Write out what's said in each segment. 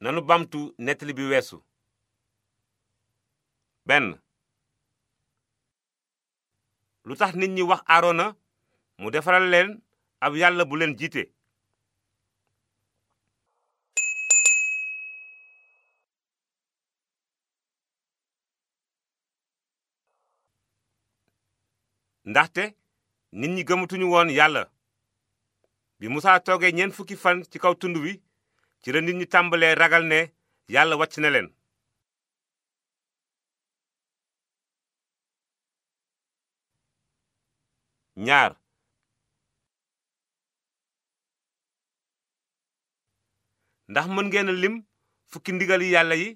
nanu bamtu nettali bi weesu benn lu tax nit ñi wax aarona mu defaral leen ab yàlla bu leen jiite ndaxte nit ñi gëmatuñu woon yàlla bi musaa toogee ñeent fukki fan ci kaw tund wi ci la nit ñi tàmbalee ragal ne yàlla wàcc na leen ñaar ndax mën ngeen lim fukki ndigal yi yàlla yi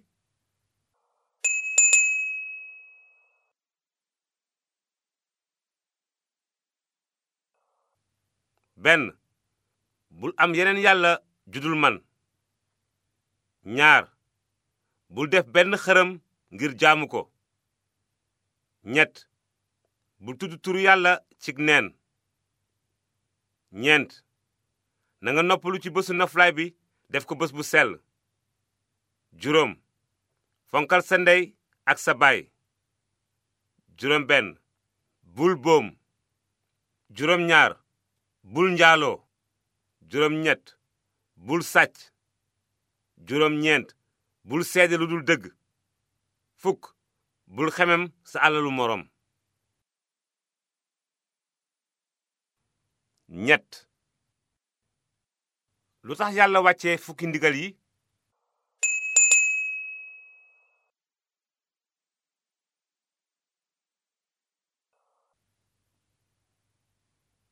benn bul am yeneen yàlla judul man ñaar bul def benn xërëm ngir jaamu ko ñett bul tudd turu yàlla cig neen ñeent nanga noppalu ci bësu noflaay bi def ko bës bu sel juróom fonkal sa ndey ak sa baay juróom benn bul boom juróom ñaar bul njaaloo juróom ñett bul sàcc juróom ñeent bul seede lu dul dëgg fukk bul xemem sa alalu moroom ñett lu tax yàlla wàccee fukki ndigal yi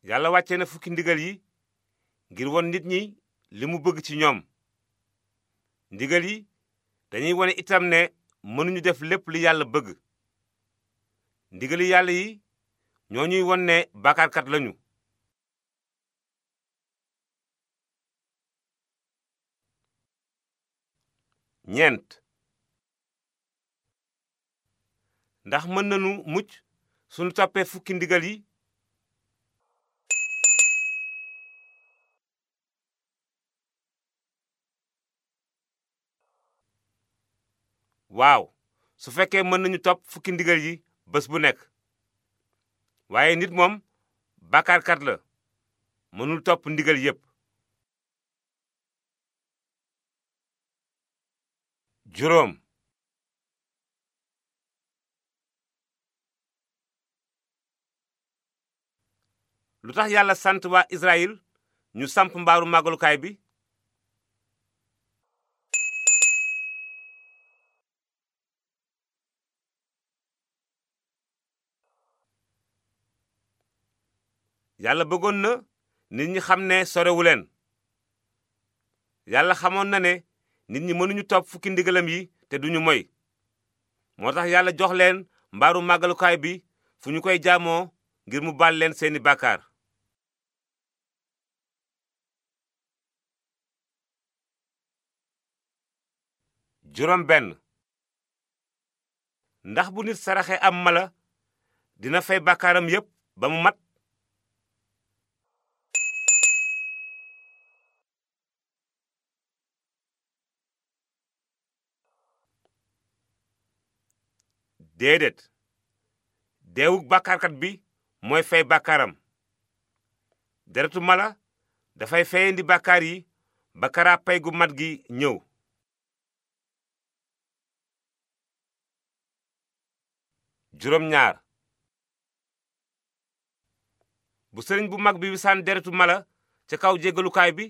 yàlla wàccee na fukki ndigal yi ngir won nit ñi li mu bëgg ci ñoom ndigal yi dañuy wone itam ne mënuñu def lépp li yàlla bëgg ndigal ndigali yàlla yi ñoo ñuy won ne lañu ñeent ndax mën nañu mucc sunu toppee fukki ndigal yi waaw su fekkee mën nañu topp fukki ndigal yi bés bu nekk waaye nit moom bàkkaarkat la mënul topp ndigal yépp juróom lu tax yàlla sant waa Israyil ñu samp mbaaru màggalukaay bi yàlla bëggoon na nit ñi xam ne sorewu leen yàlla xamoon na ne nit ñi mënuñu topp fukki ndigalam yi te duñu moy moo tax yàlla jox leen mbaaru màggalukaay bi fu ñu koy jaamoo ngir mu baal leen seeni bàkkaar juróom ndax bu nit saraxe am mala dina fay bàkkaaram yépp ba mu mat déedéet deewuk bàkkaarkat bi mooy fay bàkkaaram deretu mala dafay feyandi bàkkaar yi ba gu mat gi ñëw juróom bu sëriñ bu mag bi wisaan deretu mala ca kaw jégalukaay bi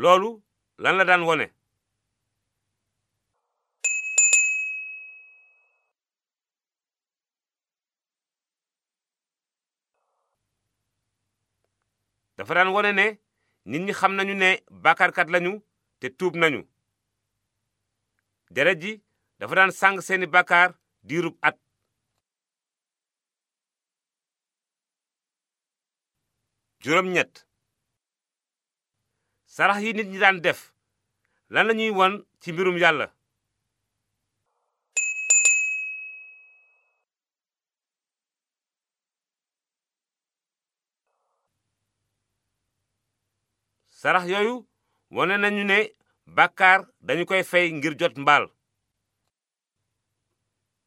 loolu lan la daan wone dafa daan wone ne nit ñi xam nañu ne bàkkaarkat lañu te tuub nañu deret ji dafa daan sàng seeni bàkkaar diirub at juróom ñett sarax yi nit ñi daan def lan lañuy won ci mbirum yàlla sarax yooyu wone nañu ne bàkkaar dañu koy fay ngir jot mbaal